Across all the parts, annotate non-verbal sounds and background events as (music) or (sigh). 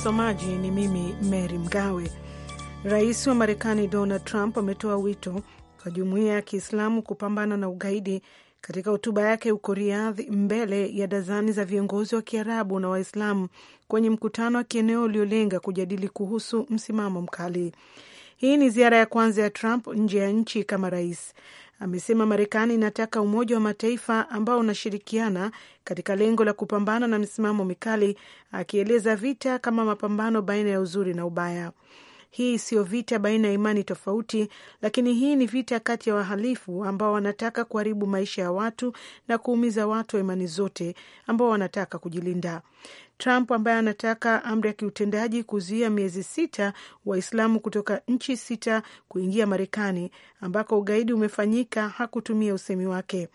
Msomaji ni mimi Mary Mgawe. Rais wa Marekani Donald Trump ametoa wito kwa jumuiya ya Kiislamu kupambana na ugaidi katika hotuba yake huko Riadhi mbele ya dazani za viongozi wa Kiarabu na Waislamu kwenye mkutano wa kieneo uliolenga kujadili kuhusu msimamo mkali. Hii ni ziara ya kwanza ya Trump nje ya nchi kama rais amesema Marekani inataka Umoja wa Mataifa ambao unashirikiana katika lengo la kupambana na misimamo mikali, akieleza vita kama mapambano baina ya uzuri na ubaya. Hii siyo vita baina ya imani tofauti, lakini hii ni vita kati ya wahalifu ambao wanataka kuharibu maisha ya watu na kuumiza watu wa imani zote ambao wanataka kujilinda. Trump ambaye anataka amri ya kiutendaji kuzuia miezi sita Waislamu kutoka nchi sita kuingia Marekani ambako ugaidi umefanyika hakutumia usemi wake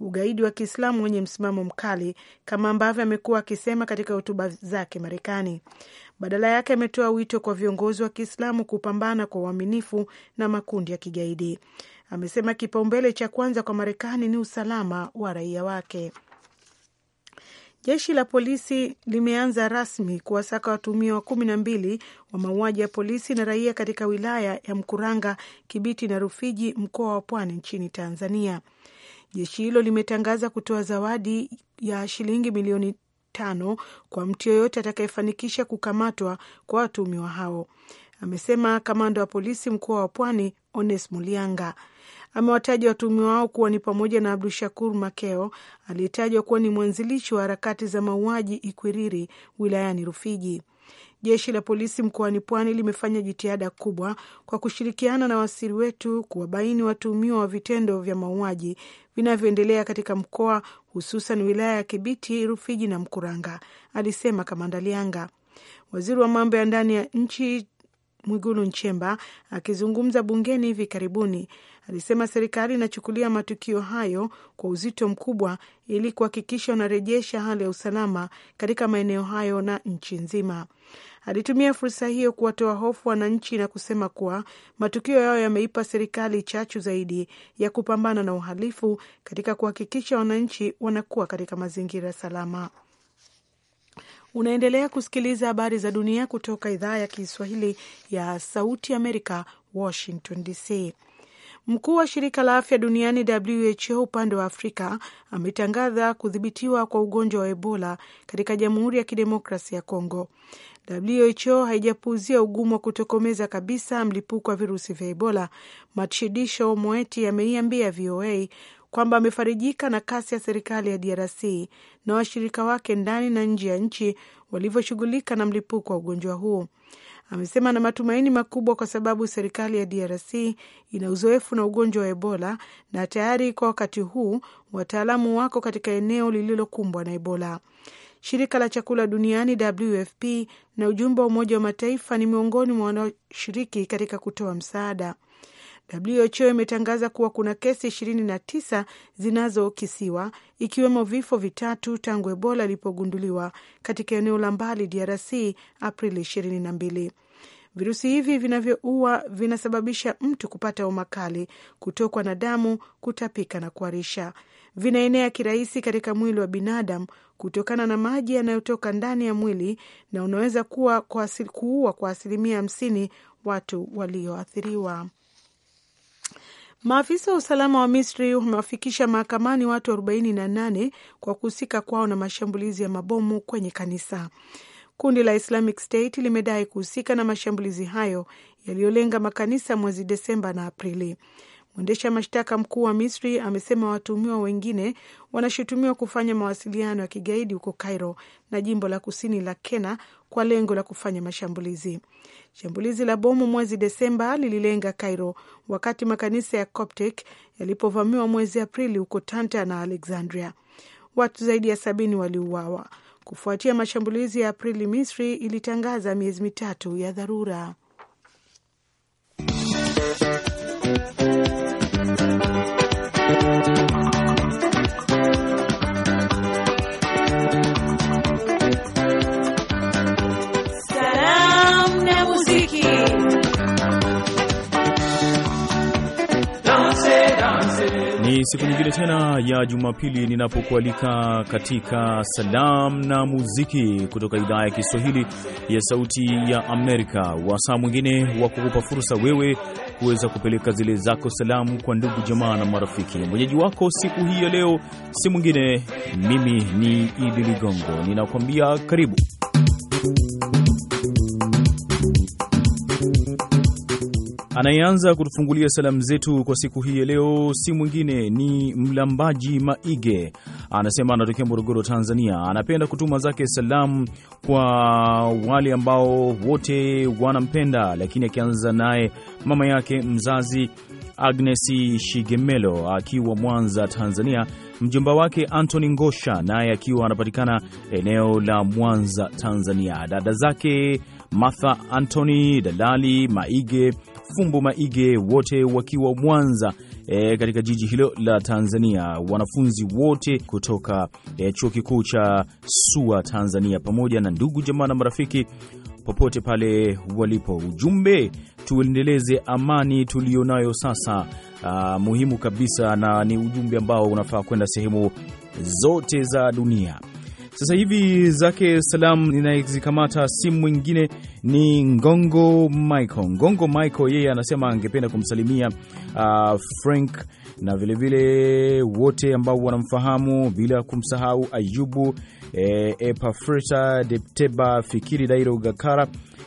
ugaidi wa Kiislamu wenye msimamo mkali kama ambavyo amekuwa akisema katika hotuba zake Marekani. Badala yake ametoa wito kwa viongozi wa Kiislamu kupambana kwa uaminifu na makundi ya kigaidi. Amesema kipaumbele cha kwanza kwa Marekani ni usalama wa raia wake. Jeshi la polisi limeanza rasmi kuwasaka wa kumi na mbili wa mauaji ya polisi na raia katika wilaya ya Mkuranga, Kibiti na Rufiji, mkoa wa Pwani nchini Tanzania. Jeshi hilo limetangaza kutoa zawadi ya shilingi milioni tano kwa mtu yoyote atakayefanikisha kukamatwa kwa watumiwa hao, amesema kamanda wa polisi mkoa wa Pwani Onesmo Lianga amewataja watuhumiwa wao kuwa ni pamoja na Abdu Shakur Makeo aliyetajwa kuwa ni mwanzilishi wa harakati za mauaji Ikwiriri wilayani Rufiji. Jeshi la polisi mkoani Pwani limefanya jitihada kubwa kwa kushirikiana na wasiri wetu kuwabaini watuhumiwa wa vitendo vya mauaji vinavyoendelea katika mkoa, hususan wilaya ya Kibiti, Rufiji na Mkuranga, alisema Kamanda Lianga. Waziri wa mambo ya ndani ya nchi Mwigulu Nchemba akizungumza bungeni hivi karibuni alisema serikali inachukulia matukio hayo kwa uzito mkubwa ili kuhakikisha wanarejesha hali ya usalama katika maeneo hayo na nchi nzima. Alitumia fursa hiyo kuwatoa hofu wananchi na kusema kuwa matukio yao yameipa serikali chachu zaidi ya kupambana na uhalifu katika kuhakikisha wananchi wanakuwa katika mazingira salama. Unaendelea kusikiliza habari za dunia kutoka idhaa ya Kiswahili ya Sauti Amerika, Washington DC. Mkuu wa shirika la afya duniani WHO upande wa Afrika ametangaza kudhibitiwa kwa ugonjwa wa Ebola katika Jamhuri ya Kidemokrasi ya congo WHO haijapuuzia ugumu wa kutokomeza kabisa mlipuko wa virusi vya Ebola, Matshidiso Moeti ameiambia VOA kwamba amefarijika na kasi ya serikali ya DRC na washirika wake ndani na nje ya nchi walivyoshughulika na mlipuko wa ugonjwa huo. Amesema na matumaini makubwa kwa sababu serikali ya DRC ina uzoefu na ugonjwa wa Ebola na tayari kwa wakati huu wataalamu wako katika eneo lililokumbwa na Ebola. Shirika la chakula duniani WFP na ujumbe wa Umoja wa Mataifa ni miongoni mwa wanaoshiriki katika kutoa msaada. WHO imetangaza kuwa kuna kesi 29 zinazokisiwa ikiwemo vifo vitatu tangu Ebola ilipogunduliwa katika eneo la mbali DRC Aprili 22. Virusi hivi vinavyoua vinasababisha mtu kupata homa kali, kutokwa na damu, kutapika na kuharisha. Vinaenea kirahisi katika mwili wa binadamu kutokana na maji yanayotoka ndani ya mwili na unaweza kuua kwa asilimia hamsini watu walioathiriwa. Maafisa wa usalama wa Misri wamewafikisha mahakamani watu 48 kwa kuhusika kwao na mashambulizi ya mabomu kwenye kanisa. Kundi la Islamic State limedai kuhusika na mashambulizi hayo yaliyolenga makanisa mwezi Desemba na Aprili. Mwendesha mashtaka mkuu wa Misri amesema watuhumiwa wengine wanashutumiwa kufanya mawasiliano ya kigaidi huko Cairo na jimbo la kusini la Kena kwa lengo la kufanya mashambulizi. Shambulizi la bomu mwezi Desemba lililenga Cairo wakati makanisa ya Coptic yalipovamiwa mwezi Aprili huko Tanta na Alexandria. Watu zaidi ya sabini waliuawa kufuatia mashambulizi ya Aprili. Misri ilitangaza miezi mitatu ya dharura. Ni siku nyingine tena ya Jumapili ninapokualika katika salamu na muziki kutoka idhaa ya Kiswahili ya Sauti ya Amerika, wasaa mwingine wa kukupa fursa wewe kuweza kupeleka zile zako salamu kwa ndugu jamaa na marafiki. Mwenyeji wako siku hii ya leo si mwingine, mimi ni Idi Ligongo, ninakuambia karibu. Anayeanza kutufungulia salamu zetu kwa siku hii ya leo si mwingine ni Mlambaji Maige. Anasema anatokea Morogoro, Tanzania. Anapenda kutuma zake salamu kwa wale ambao wote wanampenda, lakini akianza naye mama yake mzazi Agnes Shigemelo akiwa Mwanza, Tanzania, mjomba wake Anthony Ngosha naye akiwa anapatikana eneo la Mwanza, Tanzania, dada zake Martha Anthony, Dalali Maige, Fumbo Maige, wote wakiwa Mwanza e, katika jiji hilo la Tanzania, wanafunzi wote kutoka e, chuo kikuu cha SUA Tanzania, pamoja na ndugu jamaa na marafiki popote pale walipo. Ujumbe tuendeleze amani tuliyonayo sasa. Uh, muhimu kabisa na ni ujumbe ambao unafaa kwenda sehemu zote za dunia. Sasa hivi zake salam ninayezikamata simu mwingine ni Ngongo Michael. Ngongo Michael yeye anasema angependa kumsalimia uh, Frank na vilevile vile wote ambao wanamfahamu bila kumsahau Ayubu, eh, Epafreta Depteba, Fikiri Dairo Gakara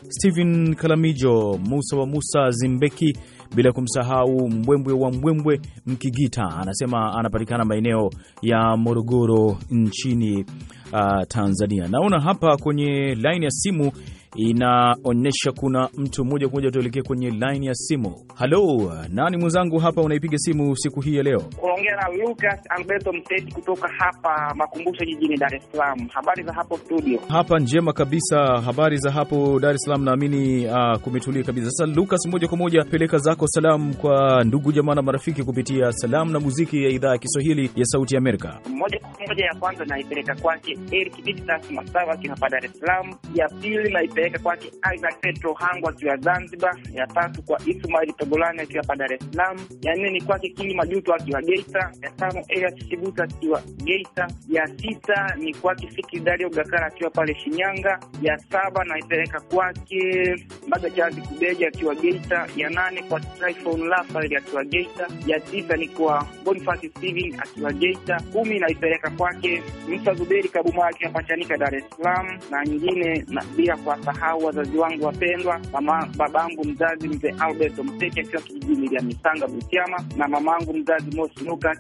Stephen Kalamijo, Musa wa Musa Zimbeki, bila kumsahau mbwembwe wa mbwembwe Mkigita. Anasema anapatikana maeneo ya Morogoro nchini uh, Tanzania. Naona hapa kwenye laini ya simu inaonyesha kuna mtu moja kwa moja. Tuelekee kwenye line ya simu. Halo, nani mwenzangu hapa unaipiga simu siku hii ya leo? Unaongea na Lucas Alberto Mteti kutoka hapa Makumbusho jijini Dar es Salaam. Habari za hapo studio? Hapa njema kabisa, habari za hapo Dar es Salaam. Naamini uh, kumetulia kabisa. Sasa Lucas, moja kwa moja peleka zako salamu kwa ndugu jamaa na marafiki kupitia salamu na muziki ya idhaa ya Kiswahili ya Sauti ya Amerika. Moja kwa moja, ya kwanza naipeleka kwake Eric Bitas Masawa kina pa Dar es Salaam. Ya pili na kupeleka kwake Isaac Petro Hangwa akiwa Zanzibar, ya tatu kwa Ismail Togolani akiwa hapa Dar es Salaam, ya nne ni kwake Kili Majuto akiwa Geita, ya tano Elias Chibuta akiwa Geita, ya sita ni kwake Fikri Dario Gakara akiwa pale Shinyanga, ya saba naipeleka kwake Mbaga Chazi Kubeja akiwa Geita, ya nane kwa Tryphon Raphael akiwa Geita, ya tisa ni kwa Boniface Steven akiwa Geita, kumi naipeleka kwake Musa Zuberi Kabuma akiwa Pachanika Dar es Salaam, na nyingine na bila kwa kuwasahau wazazi wangu wapendwa, mama babangu mzazi mzee Albert Mteke akiwa kijijini ya Misanga Butiama, na mamangu mzazi Mosi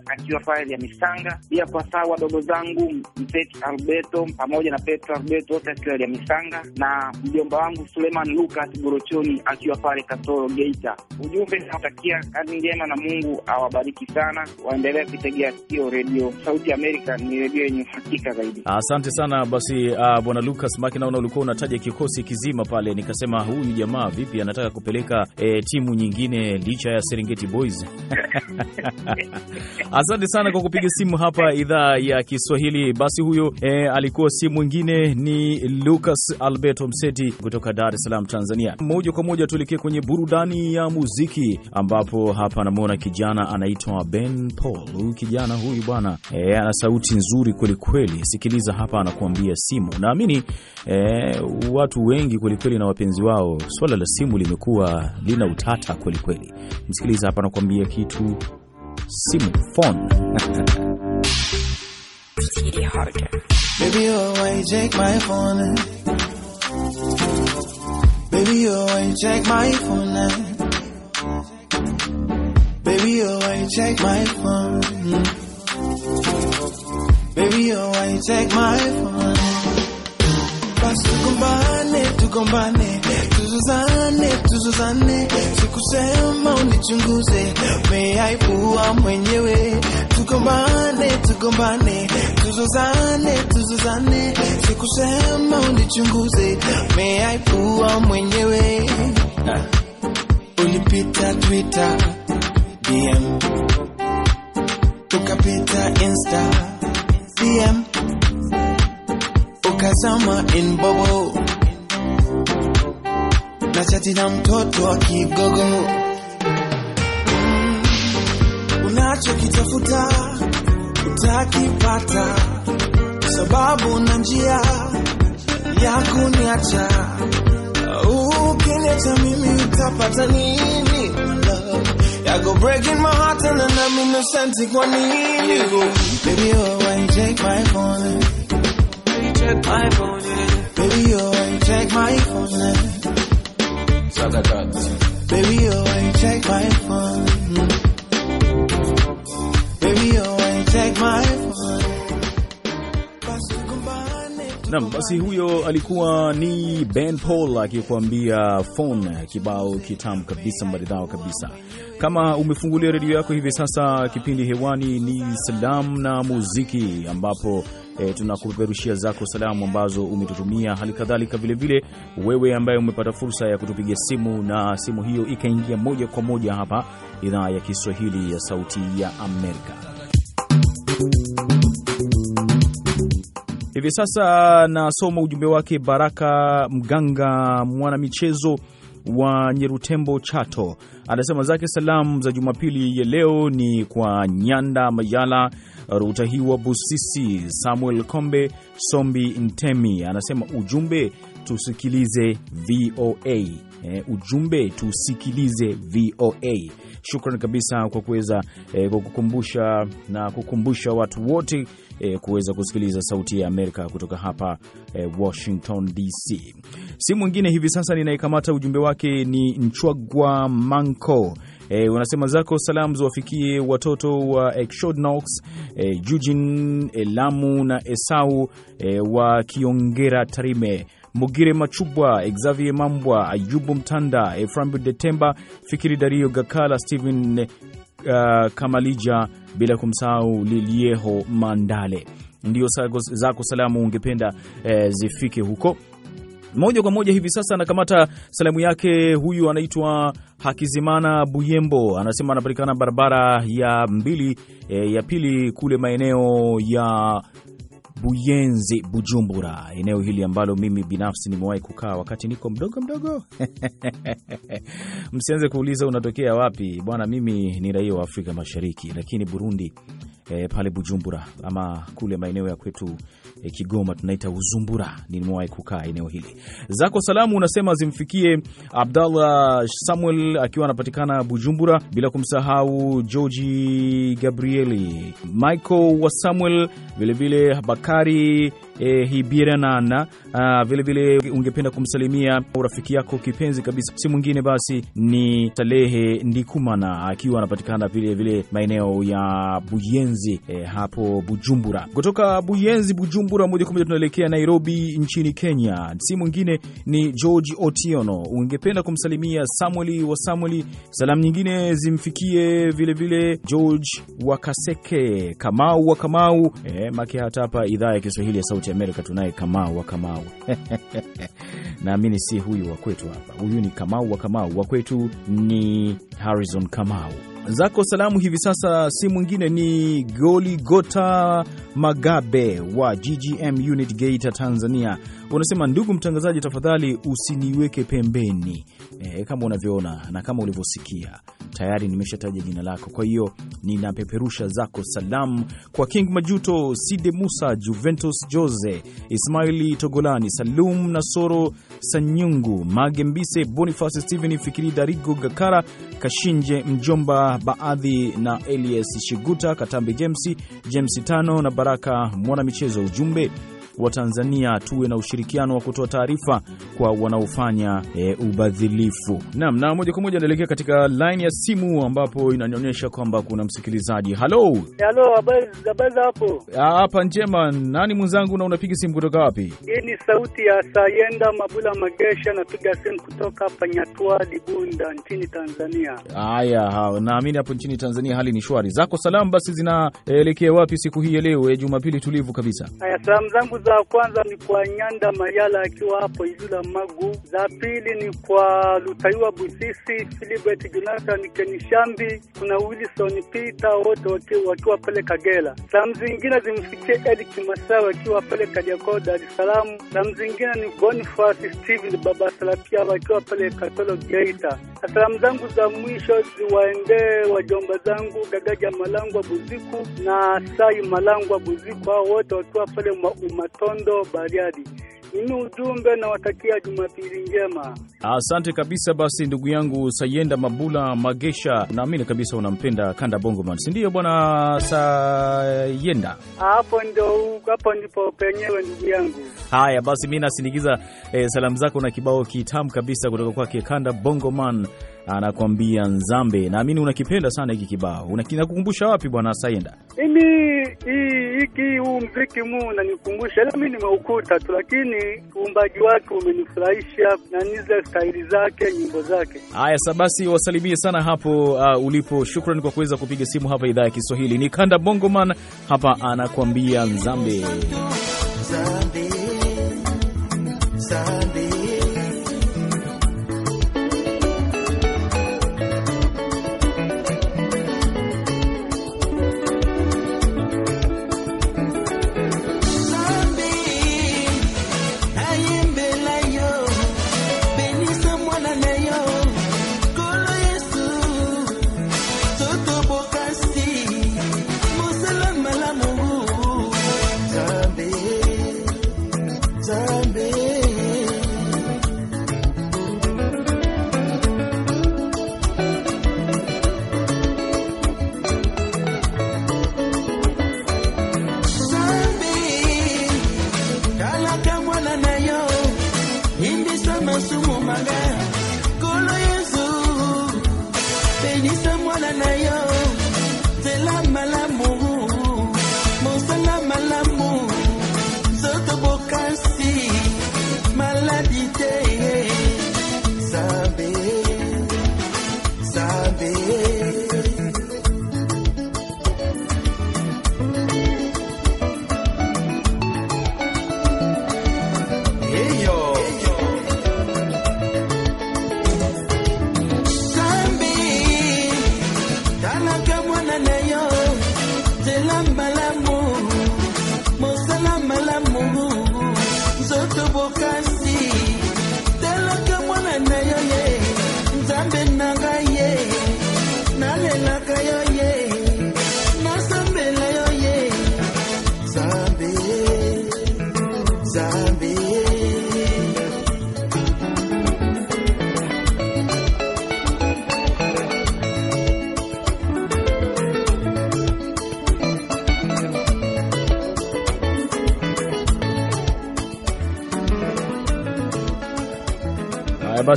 akiwa pale ya Misanga, pia kuwasahau wadogo zangu Mteke Alberto pamoja na Petro Alberto wote akiwa ya Misanga, na mjomba wangu Suleiman Lukas Gorochoni akiwa pale Katoro Geita. Ujumbe nawatakia kazi njema na Mungu awabariki sana, waendelee kuitegea sikio redio Sauti Amerika, ni redio yenye uhakika zaidi. Asante sana basi, uh, bwana Lukas Maki, naona ulikuwa unataja kikosi kikosi kizima pale, nikasema huyu jamaa vipi anataka kupeleka e, timu nyingine licha ya Serengeti Boys. (laughs) Asante sana kwa kupiga simu hapa idhaa ya Kiswahili. Basi huyo e, alikuwa si mwingine ni Lucas Alberto Mseti kutoka Dar es Salaam, Tanzania. Moja kwa moja tuelekee kwenye burudani ya muziki, ambapo hapa anamwona kijana anaitwa Ben Paul. Huyu kijana huyu bwana e, ana sauti nzuri kwelikweli. Sikiliza hapa anakuambia simu. Naamini e, watu wengi kwelikweli na wapenzi wao, swala la simu limekuwa lina utata kwelikweli. Msikiliza hapa, kuambia kitu simu phone chunguze, basi tugombane, tugombane, tuzuzane, tuzuzane, sikusema unichunguze, umeaibua mwenyewe. Tugombane, tugombane, tuzuzane, tuzuzane, sikusema unichunguze, umeaibua mwenyewe. Ulipita Twitter, DM, ukapita Insta, DM Nikazama in bobo na chati na mtoto wa kigogo mm, unachokitafuta utakipata, sababu na njia ya kuniacha Ukileta mimi utapata nini? Yago breaking my heart and I'm innocent kwa nini? Baby, oh, why you take my phone? check my phone, yeah. Baby, check my phone, yeah. Baby, check my phone. Nam basi, huyo alikuwa ni Ben Paul akikuambia phone, kibao kitamu kabisa, maridhawa kabisa. Kama umefungulia redio yako hivi sasa, kipindi hewani ni salamu na muziki, ambapo e, tunakupeperushia zako salamu ambazo umetutumia. Hali kadhalika vilevile, wewe ambaye umepata fursa ya kutupiga simu na simu hiyo ikaingia moja kwa moja hapa idhaa ya Kiswahili ya Sauti ya Amerika. Hivi sasa nasoma ujumbe wake Baraka Mganga, mwanamichezo wa Nyerutembo, Chato. Anasema zake salamu za Jumapili ya leo ni kwa Nyanda Mayala Rutahiwa Busisi, Samuel Kombe, Sombi Ntemi anasema ujumbe tusikilize VOA. E, eh, ujumbe tusikilize VOA. Shukran kabisa kwa kuweza e, kwa kukumbusha na kukumbusha watu wote e, kuweza kusikiliza sauti ya Amerika kutoka hapa e, Washington DC. Si mwingine hivi sasa ninayekamata ujumbe wake ni Nchwagwa Manko E, unasema zako salamu ziwafikie watoto wa Exodnox, e, Eugene, Elamu eh, na Esau e, wa Kiongera Tarime Mugire Machubwa, Xavier Mambwa, Ayubu Mtanda, Eframbi Detemba, Fikiri Dario Gakala, Steven uh, Kamalija, bila kumsahau Lilieho Mandale. Ndio zako salamu ungependa eh, zifike huko moja kwa moja hivi sasa anakamata salamu yake. Huyu anaitwa Hakizimana Buyembo, anasema anapatikana barabara ya mbili e, ya pili kule maeneo ya Buyenzi, Bujumbura, eneo hili ambalo mimi binafsi nimewahi kukaa wakati niko mdogo mdogo. (laughs) Msianze kuuliza unatokea wapi bwana, mimi ni raia wa Afrika Mashariki, lakini Burundi e, pale Bujumbura ama kule maeneo ya kwetu e, Kigoma tunaita Uzumbura. Nimewahi kukaa eneo hili. Zako salamu unasema zimfikie Abdallah Samuel akiwa anapatikana Bujumbura, bila kumsahau Georgi Gabrieli, Michael wa Samuel, vilevile Bakari e, eh, Hibiranana. Ah, vilevile ungependa kumsalimia urafiki yako kipenzi kabisa, si mwingine basi ni Salehe Ndikumana akiwa anapatikana vilevile maeneo ya Buyenzi e, hapo Bujumbura. Kutoka Buyenzi Bujumbura moja kwa moja tunaelekea Nairobi nchini Kenya, si mwingine ni George Otiono. Ungependa kumsalimia Samueli wa Samueli. Salamu nyingine zimfikie vilevile vile George Wakaseke Kamau wa Kamau e, make hata hapa idhaa ya Kiswahili ya Sauti Sauti Amerika tunaye Kamau wa Kamau (laughs) naamini si huyu wa kwetu hapa, huyu ni Kamau wa Kamau, wa kwetu ni Harrison Kamau zako salamu hivi sasa si mwingine ni Goligota Magabe wa GGM Unit Gate Tanzania. Unasema ndugu mtangazaji, tafadhali usiniweke pembeni. E, kama unavyoona na kama ulivyosikia tayari nimeshataja jina lako, kwa hiyo ninapeperusha zako salamu kwa King Majuto, Side Musa, Juventus Jose, Ismaili Togolani, Salum Nasoro, Sanyungu Magembise, Boniface Steven Fikiri, Darigo Gakara Kashinje, mjomba Baadhi na Elias Shiguta, Katambi James James tano na Baraka Mwanamichezo. Ujumbe wa Tanzania tuwe na ushirikiano wa kutoa taarifa kwa wanaofanya e, ubadhilifu. Naam, na moja kwa moja naelekea katika line ya simu ambapo inanionyesha kwamba kuna msikilizaji. Halo, halo, habari za hapo? Hapa njema. Nani mwenzangu, na unapiga simu kutoka wapi? Hii ni sauti ya Sayenda Mabula Magesha, napiga simu kutoka hapa Nyatwa Libunda nchini Tanzania. Haya, naamini hapo nchini Tanzania hali ni shwari. Zako salamu basi zinaelekea wapi siku hii ya leo e, Jumapili tulivu kabisa? Haya, salamu zangu za kwanza ni kwa Nyanda Mayala akiwa hapo Ijula Magu. Za pili ni kwa Lutaiwa Busisi, Filibert Jonathan Kenishambi, kuna Wilson Peter, wote wakiwa pale Kagera. Salamu zingine zimfikie Elik Masawe akiwa pale Kajako, Dar es Salaam. Salamu zingine ni Bonifas Steven Baba Salapia wakiwa pale Katolo, Geita. Salamu zangu za mwisho ziwaendee wajomba zangu Gagaja Malangwa Buziku na Sai Malangwa Buziku, hao wote wakiwa pale Umat Kondo, Bariadi. Mimi ujumbe nawatakia Jumapili njema. Asante kabisa. Basi ndugu yangu Sayenda Mabula Magesha, naamini kabisa unampenda Kanda Bongoman, si ndio bwana Sayenda? Hapo ndio, hapo ndipo penyewe ndugu yangu. Haya basi, mi nasindikiza eh, salamu zako na kibao kitamu kabisa kutoka kwake Kanda Bongoman anakwambia Nzambe. Naamini unakipenda sana hiki kibao, unakukumbusha wapi bwana Sayenda? Mimi hiki huu mziki mu unanikumbusha, ila mi nimeukuta tu, lakini uumbaji wake umenifurahisha na nize staili zake, nyimbo zake. Haya, sa basi wasalimie sana hapo uh, ulipo. Shukrani kwa kuweza kupiga simu hapa idhaa ya Kiswahili. Ni Kanda Bongoman hapa anakwambia Nzambe, Nzambe.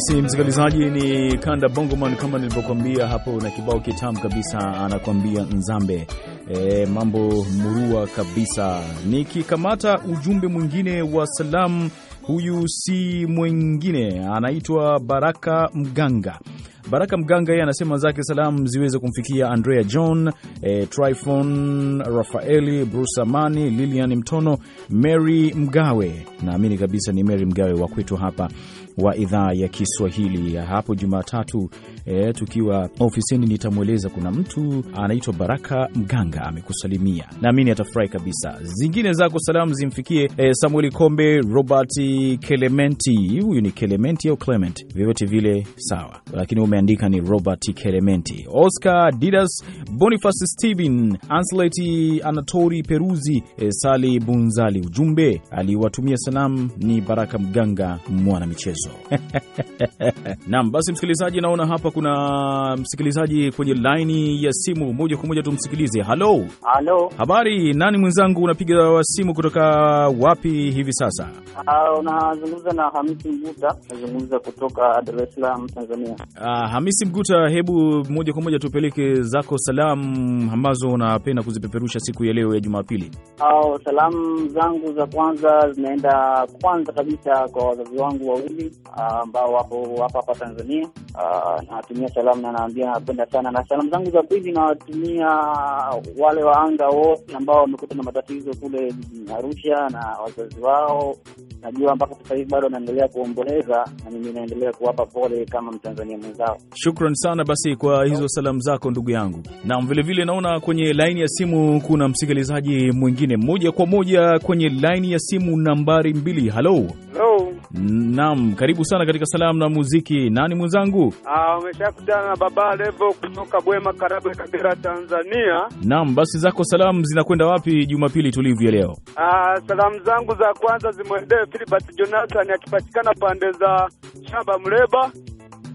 Basi msikilizaji, ni Kanda Bongoman kama nilivyokuambia hapo, na kibao kitamu kabisa anakuambia Nzambe. E, mambo murua kabisa. Nikikamata ujumbe mwingine wa salamu, huyu si mwingine anaitwa Baraka Mganga. Baraka Mganga yeye anasema zake salamu ziweze kumfikia Andrea John, e, Tryphon Rafaeli, Bruce Amani, Lilian Mtono, Mary Mgawe, naamini kabisa ni Mary Mgawe wa kwetu hapa wa idhaa ya Kiswahili hapo Jumatatu e, tukiwa ofisini, nitamweleza kuna mtu anaitwa Baraka Mganga amekusalimia, naamini atafurahi kabisa. Zingine zako salamu zimfikie e, Samueli Kombe, Robert Kelementi, huyu ni Kelementi au Clement, vyovyote vile sawa, lakini umeandika ni Robert Kelementi, Oscar Didas, Boniface Stephen, Ansleti Anatori Peruzi, e, Sali Bunzali. Ujumbe aliwatumia salamu ni Baraka Mganga, mwana michezo hizo. (laughs) Naam, basi msikilizaji, naona hapa kuna msikilizaji kwenye laini ya simu, moja kwa moja tumsikilize. Halo, halo, habari? Nani mwenzangu, unapiga simu kutoka wapi hivi sasa? Uh, unazungumza na Hamisi Mguta. Nazungumza kutoka Dar es Salaam, Tanzania. Uh, Hamisi Mguta, hebu moja kwa moja tupeleke zako salamu ambazo unapenda kuzipeperusha siku ya leo ya Jumapili. Uh, salamu zangu za kwanza zinaenda kwanza kabisa kwa wazazi wangu wawili Ah, ambao wapo hapa hapa Tanzania. Ah, nawatumia salamu na naambia napenda sana, na salamu zangu za pili nawatumia wale waanga wote ambao wamekuta na matatizo kule Arusha na wazazi wao. Najua mpaka sasa hivi bado wanaendelea kuomboleza, na mimi naendelea kuwapa pole kama Mtanzania mwenzao. Shukran sana basi kwa hizo salamu zako ndugu yangu. Naam, vilevile naona kwenye laini ya simu kuna msikilizaji mwingine, moja kwa moja kwenye laini ya simu nambari mbili. Halo, halo. Naam, karibu sana katika salamu na muziki. Nani mwenzangu? Ah, umeshakutana na Baba Levo kutoka Bwema Karabwe, Kagera, Tanzania. Naam, basi zako salamu zinakwenda wapi Jumapili tulivu ya leo? Ah, salamu zangu za kwanza zimwendee Filibert Jonathan akipatikana pande za Shamba Mleba.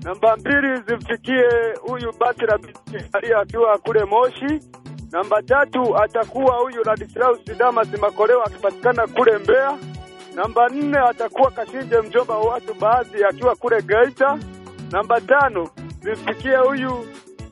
Namba mbili zimfikie huyu Batra Bisaria akiwa kule Moshi. Namba tatu atakuwa huyu Ladislaus Damas Makoleo akipatikana kule Mbeya. Namba nne atakuwa Kashinje, mjomba wa watu baadhi, akiwa kule Geita. Namba tano zimfikie huyu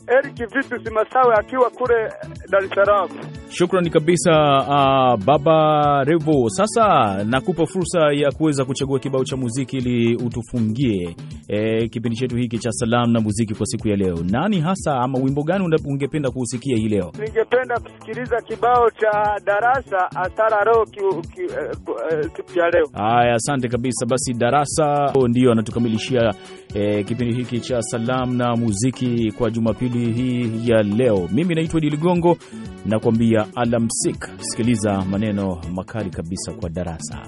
Eric Vitus Masawe akiwa kule Dar es Salaam. Shukrani kabisa uh, Baba Revo. Sasa nakupa fursa ya kuweza kuchagua kibao cha muziki ili utufungie e, kipindi chetu hiki cha salamu na muziki kwa siku ya leo. Nani hasa ama wimbo gani ungependa kuusikia hii leo? Ningependa kusikiliza kibao cha Darasa Asara Roho eh, eh, siku ya leo. Haya, asante kabisa. Basi Darasa oh, ndiyo anatukamilishia e, kipindi hiki cha salamu na muziki kwa Jumapili hii ya leo. Mimi naitwa Diligongo, Ligongo nakwambia alamsik. Sikiliza maneno makali kabisa kwa darasa.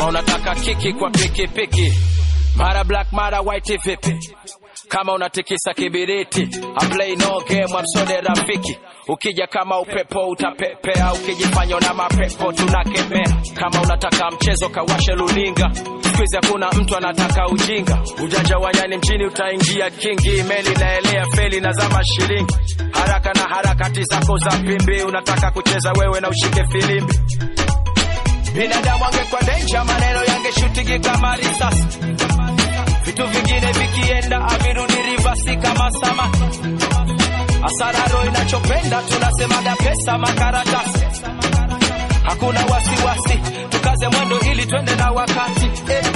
Ah, unataka kiki kwa pikipiki, mara black mara white vipi? kama unatikisa kibiriti. I play no game, amsode rafiki, ukija kama upepo utapepea, ukijifanya na mapepo tunakemea. Kama unataka mchezo kawashe luninga, siku hakuna mtu anataka ujinga. Ujanja wa nyani mjini utaingia kingi, meli naelea feli na zama shilingi, haraka na harakati zako za pimbi. Unataka kucheza wewe na ushike filimbi binadamu angekuwa denja, maneno yangeshutiki kama risasi vitu vingine vikienda avirudi rivasi kama sama asararo inachopenda tunasemaga pesa makaratasi hakuna wasiwasi tukaze mwendo ili twende na wakati eh.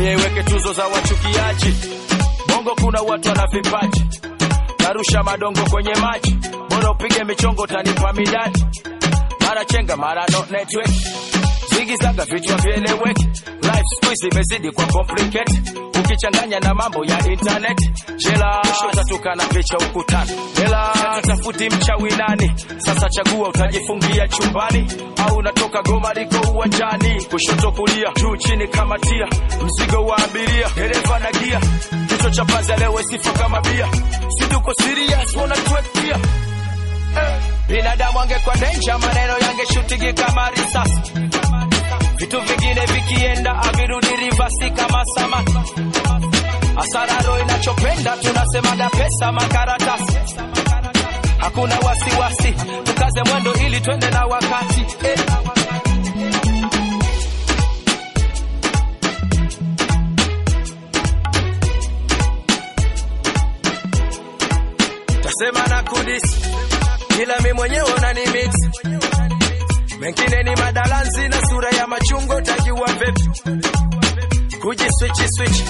Niweke tuzo za wachukiaji bongo, kuna watu wana vipaji Karusha madongo kwenye maji, bora upige michongo, tanipa midati, Mara chenga mara no network, zigizaga vichwa vieleweki. Life squeeze imezidi kwa complicate, ukichanganya na mambo ya internet. Jela tatuka na picha ukutani, hela tafuti mchawi nani? Sasa chagua, utajifungia chumbani au unatoka goma liko uwanjani, kushoto kulia, juu chini, kamatia mzigo wa abiria, dereva na gia Kichwa cha panza leo sifu kama bia, si tuko serious wanna tuet pia eh. Binadamu angekuwa danger, maneno yange yangeshutingi kama risasi, vitu vingine vikienda avirudi rivasi kama sama asararo inachopenda tunasema da pesa makaratasi, hakuna wasiwasi, tukaze mwendo ili twende na wakati eh. sema na kudis kila mi mwenyewe unani mix mengine ni madalanzi na sura ya machungo utajua vipi kuji switch switch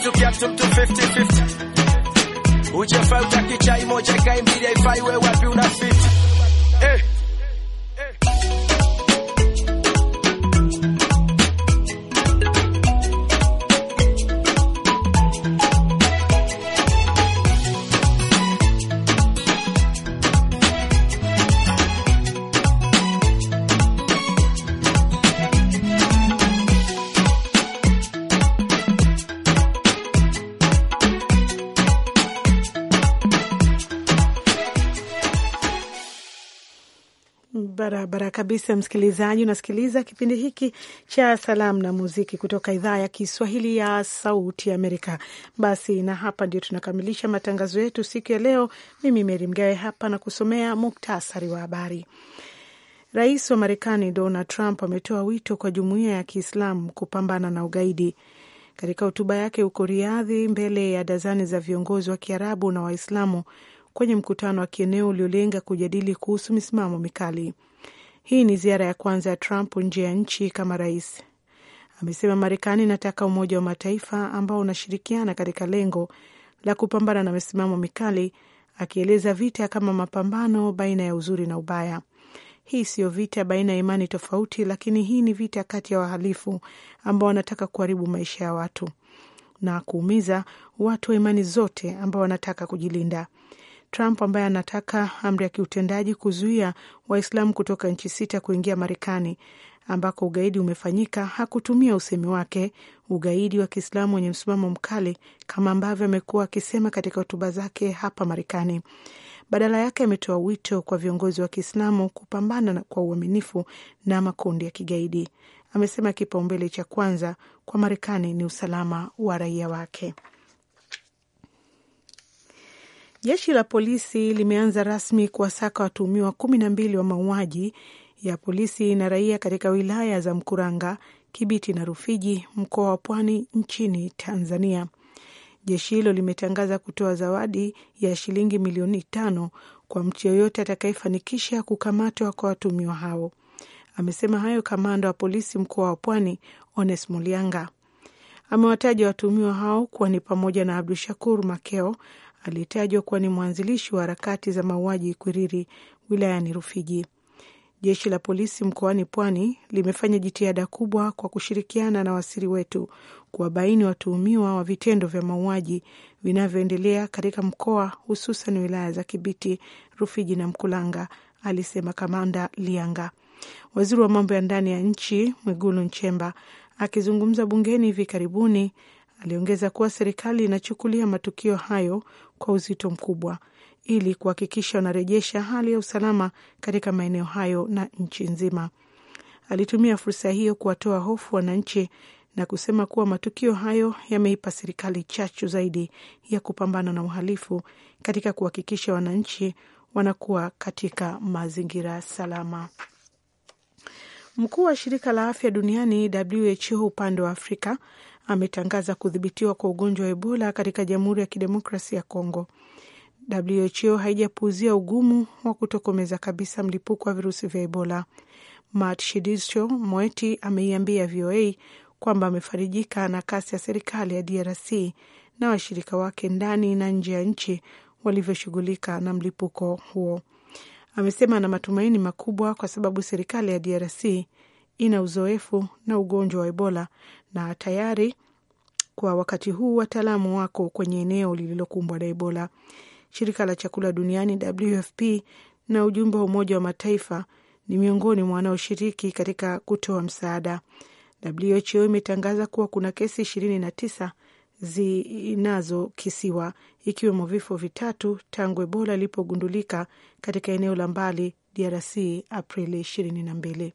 mtu kia mtu mtu 50 50 uje ujefa kichai moja kai mbili haifai we wapi una fiti kabisa, msikilizaji, unasikiliza kipindi hiki cha salamu na muziki kutoka idhaa ya Kiswahili ya Sauti Amerika. Basi na hapa ndio tunakamilisha matangazo yetu siku ya leo. Mimi Meri Mgawe hapa na kusomea muktasari wa habari. Rais wa Marekani Donald Trump ametoa wito kwa jumuiya ya Kiislamu kupambana na ugaidi. Katika hotuba yake huko Riadhi mbele ya dazani za viongozi wa Kiarabu na Waislamu kwenye mkutano wa kieneo uliolenga kujadili kuhusu misimamo mikali, hii ni ziara ya kwanza ya Trump nje ya nchi kama rais. Amesema Marekani inataka Umoja wa Mataifa ambao unashirikiana katika lengo la kupambana na misimamo mikali, akieleza vita kama mapambano baina ya uzuri na ubaya. Hii siyo vita baina ya imani tofauti, lakini hii ni vita kati ya wahalifu ambao wanataka kuharibu maisha ya watu na kuumiza watu wa imani zote ambao wanataka kujilinda. Trump ambaye anataka amri ya kiutendaji kuzuia Waislamu kutoka nchi sita kuingia Marekani ambako ugaidi umefanyika hakutumia usemi wake ugaidi wa Kiislamu wenye msimamo mkali kama ambavyo amekuwa akisema katika hotuba zake hapa Marekani. Badala yake ametoa wito kwa viongozi wa Kiislamu kupambana kwa uaminifu na makundi ya kigaidi. Amesema kipaumbele cha kwanza kwa Marekani ni usalama wa raia wake. Jeshi la polisi limeanza rasmi kuwasaka watuhumiwa kumi na mbili wa mauaji ya polisi na raia katika wilaya za Mkuranga, Kibiti na Rufiji, mkoa wa Pwani nchini Tanzania. Jeshi hilo limetangaza kutoa zawadi ya shilingi milioni tano kwa mtu yeyote atakayefanikisha kukamatwa kwa watuhumiwa hao. Amesema hayo kamanda wa polisi mkoa wa Pwani, Ones Mulianga. Amewataja watuhumiwa hao kuwa ni pamoja na Abdu Shakur Makeo aliyetajwa kuwa ni mwanzilishi wa harakati za mauaji kwiriri wilayani Rufiji. Jeshi la polisi mkoani Pwani limefanya jitihada kubwa kwa kushirikiana na wasiri wetu kuwabaini watuhumiwa wa vitendo vya mauaji vinavyoendelea katika mkoa, hususan wilaya za Kibiti, Rufiji na Mkulanga, alisema Kamanda Lianga. Waziri wa mambo ya ndani ya nchi Mwigulu Nchemba akizungumza bungeni hivi karibuni Aliongeza kuwa serikali inachukulia matukio hayo kwa uzito mkubwa ili kuhakikisha wanarejesha hali ya usalama katika maeneo hayo na nchi nzima. Alitumia fursa hiyo kuwatoa hofu wananchi na kusema kuwa matukio hayo yameipa serikali chachu zaidi ya kupambana na uhalifu katika kuhakikisha wananchi wanakuwa katika mazingira salama. Mkuu wa shirika la afya duniani WHO upande wa Afrika ametangaza kudhibitiwa kwa ugonjwa wa Ebola katika Jamhuri ya Kidemokrasia ya Kongo. WHO haijapuuzia ugumu wa kutokomeza kabisa mlipuko wa virusi vya Ebola. Matshidiso Moeti ameiambia VOA kwamba amefarijika na kasi ya serikali ya DRC na washirika wake ndani na nje ya nchi walivyoshughulika na mlipuko huo. Amesema ana matumaini makubwa kwa sababu serikali ya DRC ina uzoefu na ugonjwa wa Ebola na tayari kwa wakati huu wataalamu wako kwenye eneo lililokumbwa na Ebola. Shirika la chakula duniani WFP na ujumbe wa Umoja wa Mataifa ni miongoni mwa wanaoshiriki katika kutoa msaada. WHO imetangaza kuwa kuna kesi ishirini na tisa zinazokisiwa ikiwemo vifo vitatu tangu Ebola ilipogundulika katika eneo la mbali DRC Aprili ishirini na mbili.